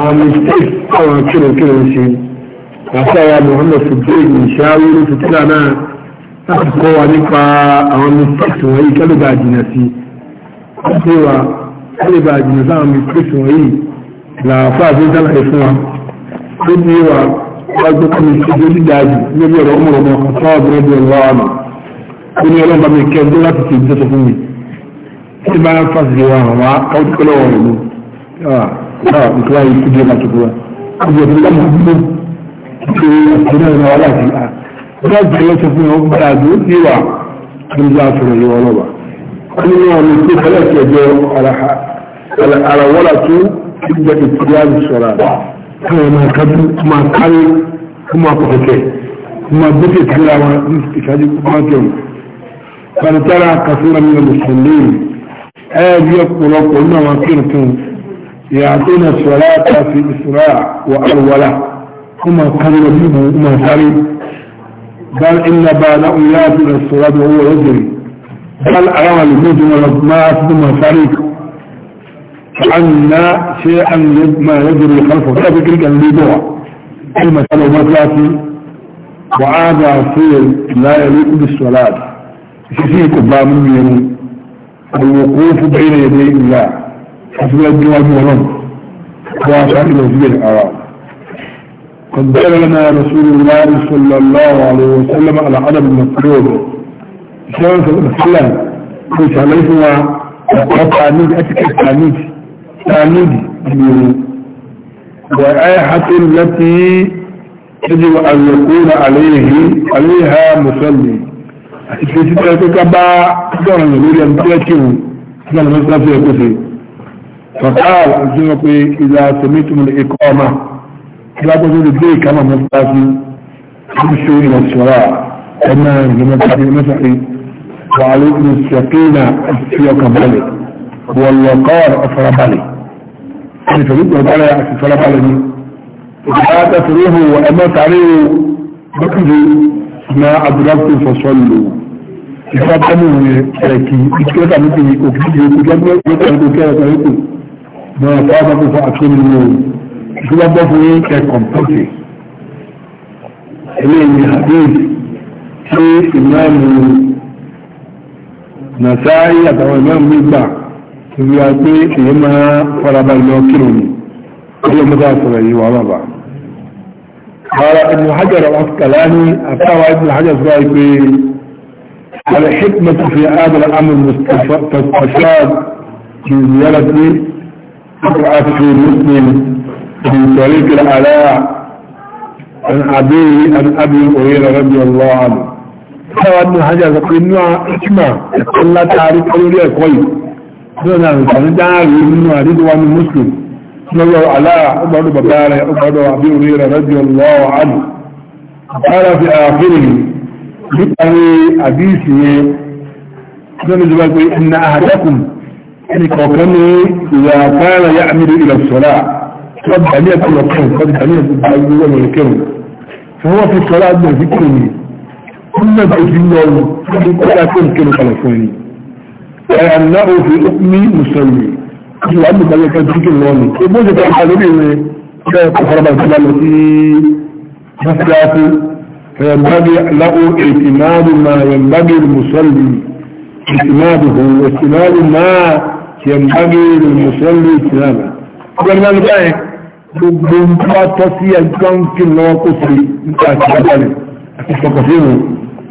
àwọn mistake táwọn kírokírò ń ṣe àṣàyà Muhammad Sadiq ìṣááwó ló fi tíra náà láti kọ́ wa nípa àwọn mistakes wọ̀nyí kẹ́lẹ́bà jìnà sí ṣé wa kẹ́lẹ́bà jìnà sí àwọn mistakes wọ̀nyí làáfà àti sálàyé fún wa ó ní wa wá gbé kọ́ mistake ó dìgbà jù níbi ọ̀rọ̀ ọmọ ọmọ kan sáwà bẹ̀rẹ̀ bí ọlọ́ àmà ó ní ọlọ́mọ mi kẹ́ ọdún láti ṣe ìjọsọ fún mi tí bá ń fásitì wa àwọn akọ́kọ́lọ́wọ̀ rẹ̀ mú sawa mtu wao kuja na kibua kuja bila mhudumu kuna na wala ki a kwa hiyo chakula huko bado niwa kimza tuna ni wala ba kuna ni kitu kala cha jo ala ala ala wala tu kinja kitiyani sala kwa na kabu kuma kai kuma poke kuma bude kila wa msikitaji kuma kion فلترى كثيرا من المصلين آه يقول لك قلنا ما كنتم يعطون الصلاة في إسراء وأولى هما قالوا منه هم سري بل إن بعد يأتون الصلاة وهو يجري بل أرام المجمع ما أصدهم سري فعنا شيئا ما يجري خلفه فكرة كان ليبوع كلمة قالوا مكلاتي وعاد فيل لا يليق بالصلاة شفيك بامن الوقوف بين يدي الله قد بين لنا رسول الله صلى الله عليه وسلم على عدم المطلوب الشيخ الإسلام قلت عليه وتعنيد أتك التعنيد تعنيد وآيحة التي يجب أن يكون عليه عليها مصلي إذا كنت تكبع تكبع تكبع تكبع تكبع تكبع تكبع فقال الجنوبي إذا سميتم الإقامة لا تزول لي كما مفتاتي امشوا إلى الصلاة كما جمعتي المسحي وعليكم السكينة أسفيك بالي والوقار أفربالي يعني فريد وبالي أسفر بالي لا تفريه وأما تعليه بكذي ما أدركت فصلوا ìfọ́pẹ́mù rẹ̀ kìí ìkẹ́ta nítorí òkìdí òkìdí ọgbẹ́ ìgbẹ́ta ìgbẹ́ta ìgbẹ́ta bẹ́ẹ̀ ká bá fún àtúnú ní ìṣúgbọ́ bọ́ fún yín kẹ kọ̀mpútì ilé ìní hadith tí ìmáàmù nàṣáyí àtàwọn ìmáàmù gbígbà tí wíwá pé èyí máa faraba ilé ọkìrò ní ilé mọ́tà sọ̀rọ̀ yìí wà bàbà ara ibn hajar al-asqalani àtàwà ibn hajar sọ pé الحكمة في هذا الأمر مستفاد في زيارة وقعت في مسلم من طريق الآلاء عن أبيه عن أبي هريرة رضي الله عنه قال ابن حجر فإنها حكمة لا تعرف أولياء كويس هنا نحن دعاوي من رضوان المسلم صلى الله على عمر ببارة عمر أبي هريرة رضي الله عنه قال في آخره لأبي حديثه نحن إن أهلكم ẹnìkọ̀ọ̀kan ní ìwà àkáàrà yá àmìrí ilẹ̀ sọ́lá lọ́bà ní ẹ̀kọ́ lọ́kẹ́rùn kọ́ dìkà ní ẹ̀kọ́ gbogbo ọ̀rọ̀ kẹrùn fún wọ́n fi sọ́lá gbọ̀n sí kìrì ní ọmọ tó ti lọ rù fún kọ́lá tó ń kẹrù kalẹ̀ fún ẹni ẹ̀yà ńlá òfin ní mùsùlùmí ju wà nígbà yẹn tó kí lọ́ọ̀nù ebó ṣe kọ́ lórí rẹ̀ ṣe kọ́ fọ́nàbà tó lọ sí mọ́síláàfù فينبغي له اعتماد ما ينبغي المصلي اعتماده واستناد ما ينبغي للمصلي اجتنابه قلنا الغاية ربما تسيا كم في الله قصري انت اتبالي اتبقسينه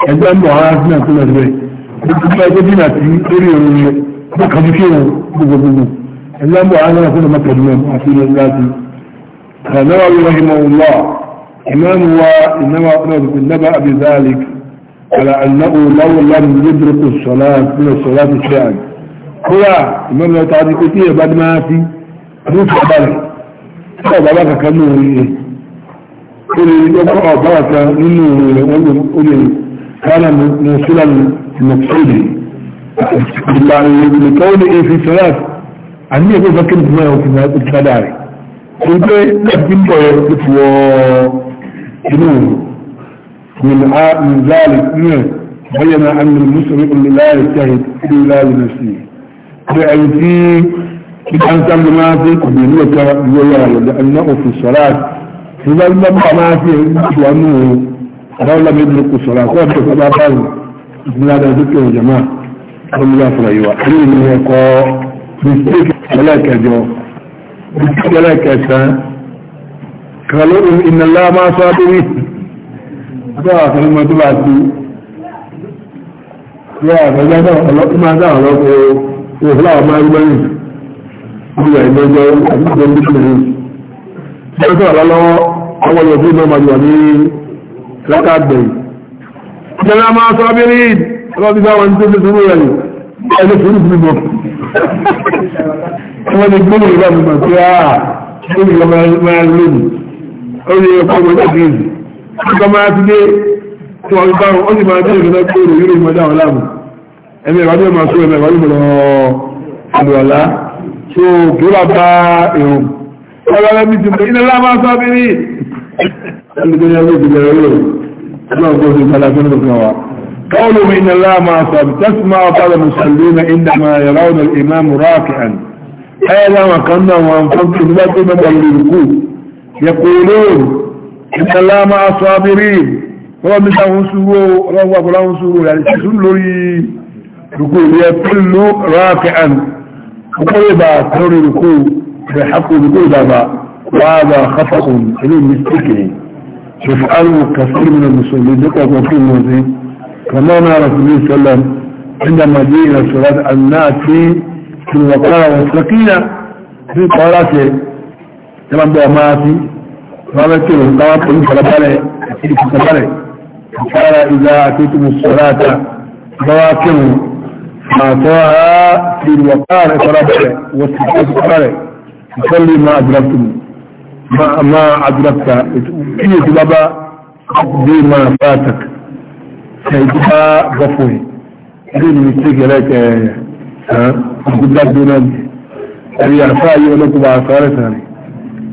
عند انه عارفنا كل اسبري ربما يجبنا تريد ان يكبشينه بقبنه عند انه عارفنا كل مكبنا عسين الله فنوى الله ما الله إمام هو إنما أقرأ بالنبأ بذلك على أنه لو لم يدرك الصلاة من الصلاة الشيئة kóra ìmọ̀lẹ̀ ọ̀tà ní pé tí ẹ̀bá ní máa fi àdúgbò àbálẹ̀ tí ọ̀bá bá kankan ní orí rẹ̀ ó lè rí ọkọ̀ ọ̀bá kan nínú orí rẹ̀ wọ́n ó lè kánà mọ̀sílà mọ̀sílì ìgbàlè kọ́ ní efi sọ́lá àní ẹ̀kọ́ ìfẹ́ kéde fún ẹ̀wọ̀n fìmọ̀ ẹ̀kọ́ ìfẹ́ dàrẹ̀ tó ń pé ẹ̀bí ń bọ̀ ẹ̀ ti wọ inú من ذلك بين أن المسلم لا يجتهد إلا لنفسه pé ẹni tí kíkà ń sáńdé máa fi kùdì ní ìka ìwé yàrá lọ́dọ̀ ẹ̀ná òfin sọ̀rọ̀ àti ìgbà ń bá bá máa fi ẹ̀rí bí wà nù o àdáwọ̀ lábẹ́ ìdílé kò sọ̀rọ̀ àkọ́ ọ̀dọ̀ tó bá báyìí ìdílé adá tó kẹwàá jama ọlọ́mọdé àfọ̀rọ̀ yìí wà ẹ̀rí ni ẹ̀kọ́ mistake ẹlẹ́kẹjọ mistake ẹlẹ́kẹsàn kàlọ́ ìnàlá máa sọ adúrí àtàwọn àfẹ́lẹ́mọ́ tó bá ti yọ àfẹ́lẹ́mọ́ ọlọ́pàá máa dáhùn lọ́pọ̀ wò fúláwà máa rí lẹ́yìn nígbà ìlọ́jọ́ àdúgbò ní ìpínlẹ̀ tí ó sọ̀rọ̀ lọ́wọ́ àwọn olùdí náà máa ní máa sọ tó rẹ̀ ẹni fún wọ́n lónìí ó ní ẹ̀mí ìwádìí ọmọ sọ ẹ̀mí ìwádìí mọ̀ àlùwàlá tó gbọ́lá bá ìrùn ọlọ́lá bí ti mọ̀ iná lábá sábírí ẹlùgbẹ́ ní ọdún ìbẹ̀rẹ̀ lò náà kó sí ìtàlágbé ní ọdún wa قولوا إن الله ما أصاب تسمع بعض المصلين عندما يرون الإمام راكعا هذا ما قلنا وأنفقوا لا تمدى للركوع يقولون إن الله مع الصابرين هو من أنسوه روى فلا أنسوه يعني سلوري ركوع يكل راكعا وقيبا تري ركوع بحق ركوع دابا وهذا خطأ إليه مستكري يفعله كثير من المسلمين ذكر وفي الموزين كما نعرف النبي صلى الله عليه وسلم عندما جاء إلى صلاة الناتي في الوقارة والسكينة في قراته كما بوا ماتي فأبت الوقارة من فلبالي أكيد فلبالي فقال إذا أتيتم الصلاة فواكموا أعطاها في الوقار إقرابك والسكات إقرارك صلي ما أدركتم ما ما أدركت إيه بابا دي ما فاتك سيدها غفوه دي المستيق لك ها أقول لك دون أبي أعفاء يولك بأعصارة ثاني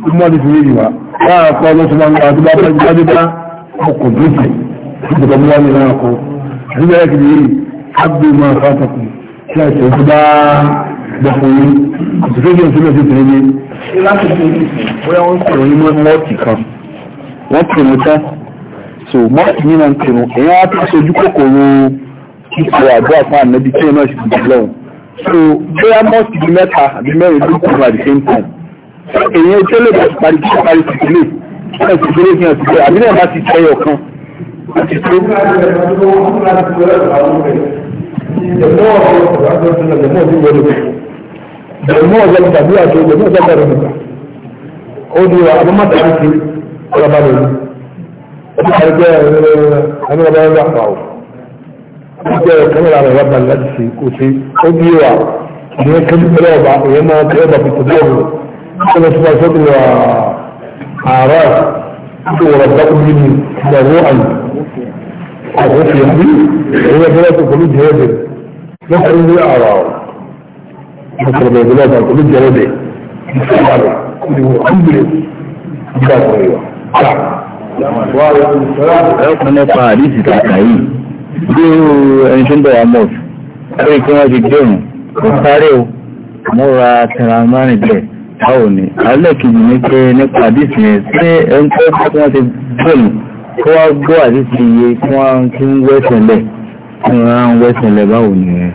ثم دي سميدي با لا أقول لك سبحانه أتبع فجأة بها أقول لك أقول لك أقول لك abdu ma fatakum tí a ṣe bá gbọ̀kùnrin àti fẹ́jọ́ sílẹ̀ sí tẹ̀lé ní láti fún bóyá wọ́n pẹ̀rọ ní mọ́ọ̀tì kan wọ́n pẹ̀rọ tán so mọ́ọ̀tì ní máa ń pẹ̀rọ èyàn á tó sojú kòkòrò kíkọ àgbà fún ànábi tí so bóyá mọ́ọ̀tì di mẹ́ta àbí mẹ́rin ló kù at the same time èyàn tó lè bá parí kí parí sí ilé náà sì gbélé fi hàn sí pé àbí náà bá ti tẹyọ kan láti tó jẹ̀mọ́ ọ̀rọ̀ àti ọ̀sẹ̀lẹ̀ jẹ̀mọ́ ọ̀dún wọlé jẹ̀mọ́ ọ̀dún tàbí àti jẹ̀mọ́ ọ̀dún tàbí nìkan ó di wa àwọn mọ́tà ń fi ọlọ́ba lè ní ọdún àìjẹ́ ẹni ọba ẹni àpá o àìjẹ́ kẹ́mẹ́rà rẹ̀ rọ́bà láti fi kò sí ó di wa ìyẹn kẹ́mẹ́rà ọba ìyẹn máa kẹ́ ọba fìtò bọ́ọ̀lù ó lọ sípa sọ́dún wa àárọ̀ ó wọ̀rọ̀ bá kú nínú ìgbàgbọ́ àyè àgbẹ̀fẹ̀ yìí èyí ẹgbẹ́ tó kọ́ lọ́kọ̀ọ́ ní àrà ọ̀ lọ́kọ̀ọ́ ní ìlú ọ̀gá ìlú jẹ́rẹ́ dẹ̀ ìfọ̀wọ́lẹ̀ ìwọ̀ ọ̀gbìn ìgbà kan yọ. ẹ̀kọ́ nípa àdìsí kàkà yìí bí ẹni tó ń bẹ̀rẹ̀ mọ̀ lórí kí wọ́n ni alẹ́ kejì ní pé nípa àdìsí yẹn ṣé ẹni tó bá tí wọ́n ti gbẹ̀rùn kó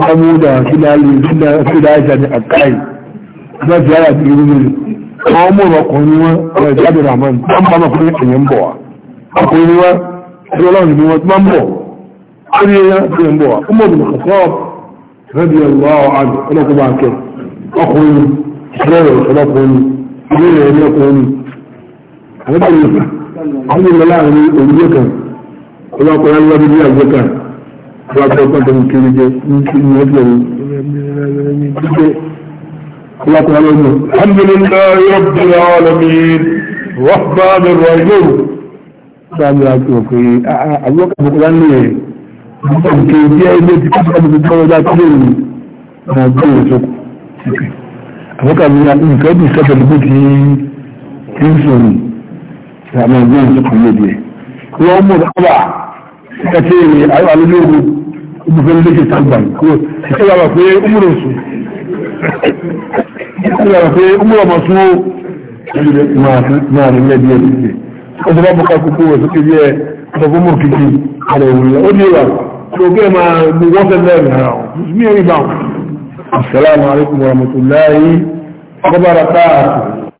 samu da sílá ìjàdì àkáì láti kai na ziyara rí wọ́n mú ọkùnrin wọn wọ́n ìjáde ramani tó ń bá mọ̀ fún èyàn bọ̀ wá ọkùnrin wọn tí ni alákọ̀ọ́kọ́ tó ń kiri jẹ ní ìlú jíjẹ alákọ̀ọ́kọ́ lọ́nà alhamdulillahi rabbil alamin rahman rahim sáàmì àti òkè àwọ́kà bọ̀kọ̀lá ní ẹ̀ òkè tí ẹ ilé ti kọ́kọ́ bí tọ́rọ dá tí lè na gbé ìṣòkò àwọ́kà bí nǹkan bí sọ́kọ̀ bí ti ń sọ̀rọ̀ àmọ́ gbé ìṣòkò lóde wọ́n mú ọ̀dọ́ ẹ̀tẹ́ ìrìn alólógún ibùfẹ́ léṣe tàgbà kúrò ẹ̀tẹ́ wà pé umúrò sùn ẹ̀tẹ́ wà pé umúrò ọmọ sún ó máa rí lẹ́bí ẹ̀ lẹ́sẹ̀ ọjọ́ bá bọ́ká kúkú rẹ̀ sókè bí ẹ ọ̀pọ̀ mọ̀ kìkì àrẹ̀ òwúrẹ̀ ó ní ìwà tó gẹ́ máa gbé wọ́n fẹ́ lẹ́rìn ara ọ̀ mí rí bá wọn. Assalamu alaikum warahmatullahi wabarakatuh